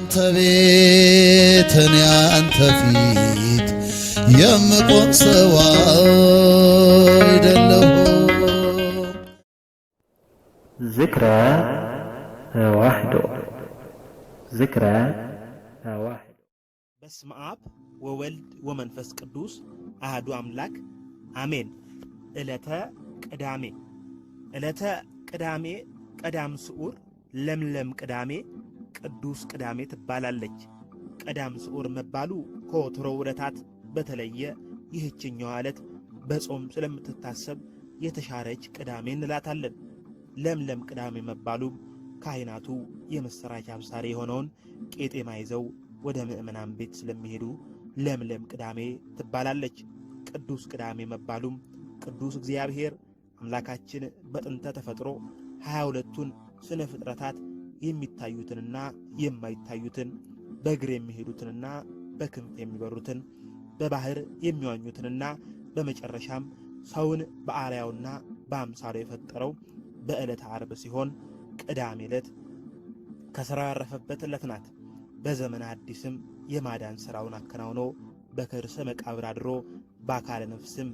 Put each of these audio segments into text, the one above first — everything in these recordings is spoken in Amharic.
አንተ ቤት እኔ አንተ ፊት የምቆም ሰው አይደለሁ። ዝክረ ተዋሕዶ ዝክረ ተዋሕዶ። በስመ አብ ወወልድ ወመንፈስ ቅዱስ አህዱ አምላክ አሜን። ዕለተ ቅዳሜ ዕለተ ቅዳሜ ቀዳም ስዑር ለምለም ቅዳሜ ቅዱስ ቅዳሜ ትባላለች። ቀዳም ስዑር መባሉ ከወትሮ ዕለታት በተለየ ይህችኛው ዕለት በጾም ስለምትታሰብ የተሻረች ቅዳሜ እንላታለን። ለምለም ቅዳሜ መባሉም ካህናቱ የምሥራች አብሳሪ የሆነውን ቄጤማ ይዘው ወደ ምእመናን ቤት ስለሚሄዱ ለምለም ቅዳሜ ትባላለች። ቅዱስ ቅዳሜ መባሉም ቅዱስ እግዚአብሔር አምላካችን በጥንተ ተፈጥሮ ሀያ ሁለቱን ስነ ፍጥረታት የሚታዩትንና የማይታዩትን በእግር የሚሄዱትንና በክንፍ የሚበሩትን በባህር የሚዋኙትንና በመጨረሻም ሰውን በአርያውና በአምሳሉ የፈጠረው በዕለተ አርብ ሲሆን ቅዳሜ ዕለት ከሥራው ያረፈበት ዕለት ናት። በዘመነ አዲስም የማዳን ሥራውን አከናውኖ በከርሰ መቃብር አድሮ በአካለ ነፍስም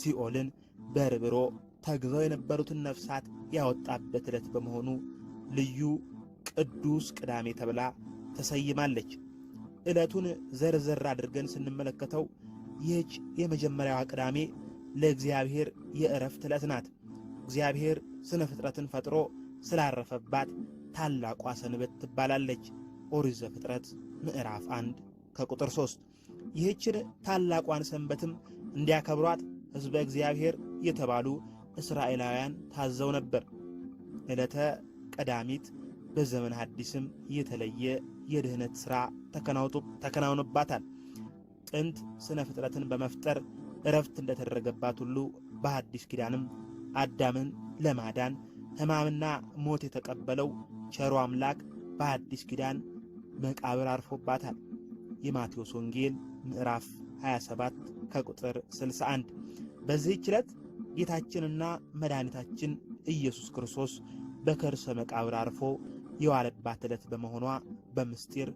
ሲኦልን በርብሮ ተግዘው የነበሩትን ነፍሳት ያወጣበት ዕለት በመሆኑ ልዩ ቅዱስ ቅዳሜ ተብላ ተሰይማለች። ዕለቱን ዘርዘር አድርገን ስንመለከተው ይህች የመጀመሪያዋ ቅዳሜ ለእግዚአብሔር የእረፍት ዕለት ናት። እግዚአብሔር ስነ ፍጥረትን ፈጥሮ ስላረፈባት ታላቋ ሰንበት ትባላለች። ኦሪት ዘፍጥረት ምዕራፍ 1 ከቁጥር 3። ይህችን ታላቋን ሰንበትም እንዲያከብሯት ሕዝበ እግዚአብሔር የተባሉ እስራኤላውያን ታዘው ነበር። ዕለተ ቀዳሚት በዘመነ አዲስም የተለየ የድህነት ሥራ ተከናውኖባታል። ጥንት ስነ ፍጥረትን በመፍጠር እረፍት እንደተደረገባት ሁሉ በአዲስ ኪዳንም አዳምን ለማዳን ሕማምና ሞት የተቀበለው ቸሮ አምላክ በአዲስ ኪዳን መቃብር አርፎባታል። የማቴዎስ ወንጌል ምዕራፍ 27 ከቁጥር 61። በዚህች ዕለት ጌታችንና መድኃኒታችን ኢየሱስ ክርስቶስ በከርሰ መቃብር አርፎ የዋለባት ዕለት በመሆኗ በምስጢር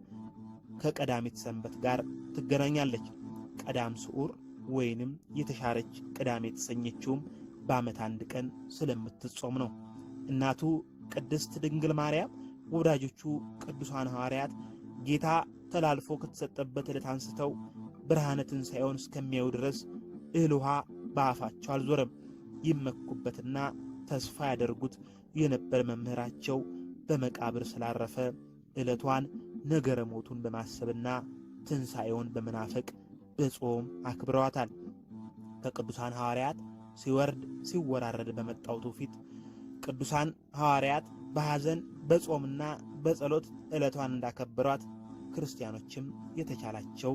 ከቀዳሚት ሰንበት ጋር ትገናኛለች። ቀዳም ስዑር ወይንም የተሻረች ቅዳሜ የተሰኘችውም በዓመት አንድ ቀን ስለምትጾም ነው። እናቱ ቅድስት ድንግል ማርያም፣ ወዳጆቹ ቅዱሳን ሐዋርያት ጌታ ተላልፎ ከተሰጠበት ዕለት አንስተው ብርሃነ ትንሣኤውን እስከሚያዩ ድረስ እህል ውሃ በአፋቸው አልዞረም። ይመኩበትና ተስፋ ያደርጉት የነበር መምህራቸው በመቃብር ስላረፈ ዕለቷን ነገረ ሞቱን በማሰብና ትንሣኤውን በመናፈቅ በጾም አክብረዋታል። ከቅዱሳን ሐዋርያት ሲወርድ ሲወራረድ በመጣው ትውፊት ቅዱሳን ሐዋርያት በሐዘን በጾምና በጸሎት ዕለቷን እንዳከበሯት ክርስቲያኖችም የተቻላቸው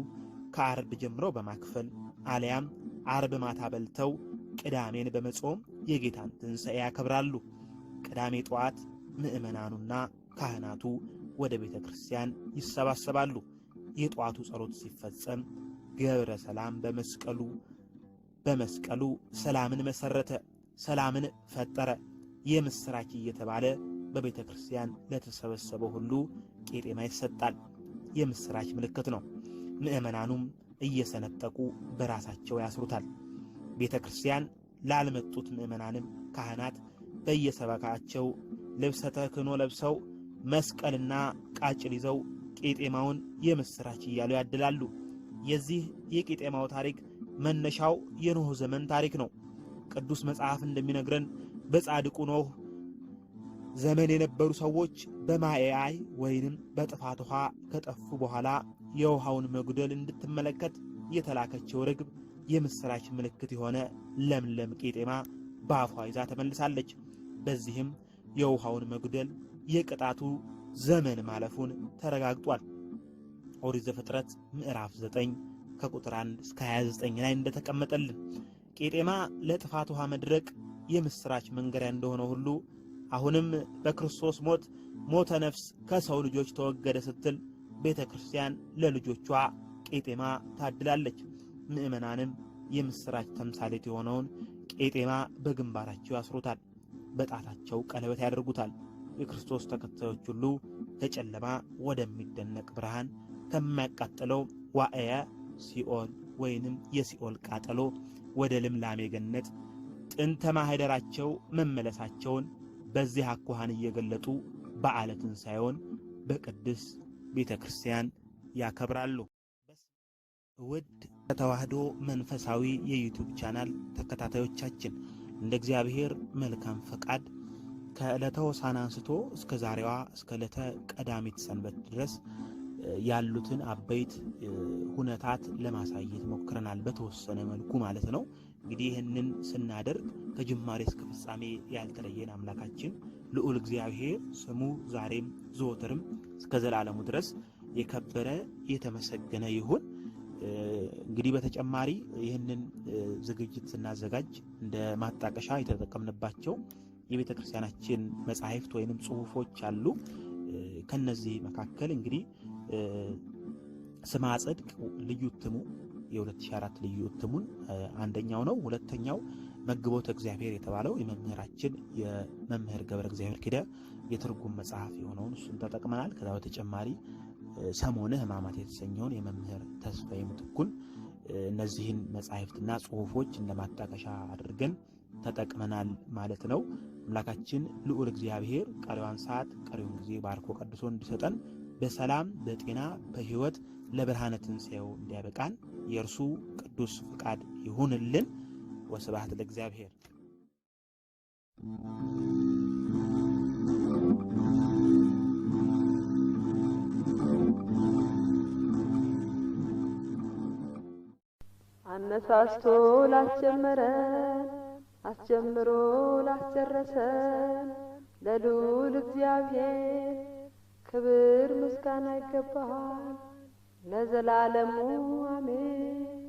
ከአርብ ጀምሮ በማክፈል አሊያም አርብ ማታ በልተው ቅዳሜን በመጾም የጌታን ትንሣኤ ያከብራሉ። ቅዳሜ ጠዋት ምእመናኑና ካህናቱ ወደ ቤተ ክርስቲያን ይሰባሰባሉ። የጠዋቱ ጸሎት ሲፈጸም ገብረ ሰላም በመስቀሉ በመስቀሉ ሰላምን መሰረተ፣ ሰላምን ፈጠረ፣ የምስራች እየተባለ በቤተ ክርስቲያን ለተሰበሰበው ሁሉ ቄጤማ ይሰጣል። የምስራች ምልክት ነው። ምእመናኑም እየሰነጠቁ በራሳቸው ያስሩታል። ቤተ ክርስቲያን ላልመጡት ምእመናንም ካህናት በየሰበካቸው ልብሰ ተክህኖ ለብሰው መስቀልና ቃጭል ይዘው ቄጤማውን የምስራች እያሉ ያድላሉ። የዚህ የቄጤማው ታሪክ መነሻው የኖህ ዘመን ታሪክ ነው። ቅዱስ መጽሐፍ እንደሚነግረን በጻድቁ ኖህ ዘመን የነበሩ ሰዎች በማያይ ወይንም በጥፋት ውሃ ከጠፉ በኋላ የውሃውን መጉደል እንድትመለከት የተላከችው ርግብ የምስራች ምልክት የሆነ ለምለም ቄጤማ በአፏ ይዛ ተመልሳለች። በዚህም የውሃውን መጉደል የቅጣቱ ዘመን ማለፉን ተረጋግጧል። ኦሪት ዘፍጥረት ምዕራፍ 9 ከቁጥር 1 እስከ 29 ላይ እንደተቀመጠልን ቄጤማ ለጥፋት ውሃ መድረቅ የምስራች መንገሪያ እንደሆነ ሁሉ አሁንም በክርስቶስ ሞት ሞተ ነፍስ ከሰው ልጆች ተወገደ ስትል ቤተ ክርስቲያን ለልጆቿ ቄጤማ ታድላለች። ምእመናንም የምስራች ተምሳሌት የሆነውን ቄጤማ በግንባራቸው ያስሩታል። በጣታቸው ቀለበት ያደርጉታል። የክርስቶስ ተከታዮች ሁሉ ከጨለማ ወደሚደነቅ ብርሃን ከሚያቃጥለው ዋዕየ ሲኦል ወይንም የሲኦል ቃጠሎ ወደ ልምላሜ ገነት ጥንተ ማህደራቸው መመለሳቸውን በዚህ አኳኋን እየገለጡ በዓለ ትንሣኤውን በቅድስ ቤተ ክርስቲያን ያከብራሉ። ውድ ከተዋህዶ መንፈሳዊ የዩቲዩብ ቻናል ተከታታዮቻችን እንደ እግዚአብሔር መልካም ፈቃድ ከዕለተ ሆሳና አንስቶ እስከ ዛሬዋ እስከ ዕለተ ቀዳሚት ሰንበት ድረስ ያሉትን አበይት ሁነታት ለማሳየት ሞክረናል፣ በተወሰነ መልኩ ማለት ነው። እንግዲህ ይህንን ስናደርግ ከጅማሬ እስከ ፍጻሜ ያልተለየን አምላካችን ልዑል እግዚአብሔር ስሙ ዛሬም ዘወትርም እስከ ዘላለሙ ድረስ የከበረ የተመሰገነ ይሁን። እንግዲህ በተጨማሪ ይህንን ዝግጅት ስናዘጋጅ እንደ ማጣቀሻ የተጠቀምንባቸው የቤተ ክርስቲያናችን መጻሕፍት ወይንም አሉ። ከነዚህ መካከል እንግዲህ ስማ ጽድቅ ልዩ እትሙ የ2004 ልዩ እትሙን አንደኛው ነው። ሁለተኛው መግቦት እግዚአብሔር የተባለው የመምህራችን የመምህር ገብረ እግዚአብሔር ኪደ የትርጉም መጽሐፍ የሆነውን እሱን ተጠቅመናል። ከዛ በተጨማሪ ሰሞነ ሕማማት የተሰኘውን የመምህር ተስፋዬ ምትኩን እነዚህን መጻሕፍትና ጽሑፎች እንደ ማጣቀሻ አድርገን ተጠቅመናል ማለት ነው። አምላካችን ልዑል እግዚአብሔር ቀሪዋን ሰዓት ቀሪውን ጊዜ ባርኮ ቀድሶ እንዲሰጠን በሰላም በጤና በሕይወት ለብርሃነ ትንሣኤው እንዲያበቃን የእርሱ ቅዱስ ፍቃድ ይሁንልን። ወስብሐት ለእግዚአብሔር። አነሳስቶ ላስጀመረን አስጀምሮ ላስጨረሰን ለልዑል እግዚአብሔር ክብር ምስጋና ይገባል ለዘላለሙ አሜን።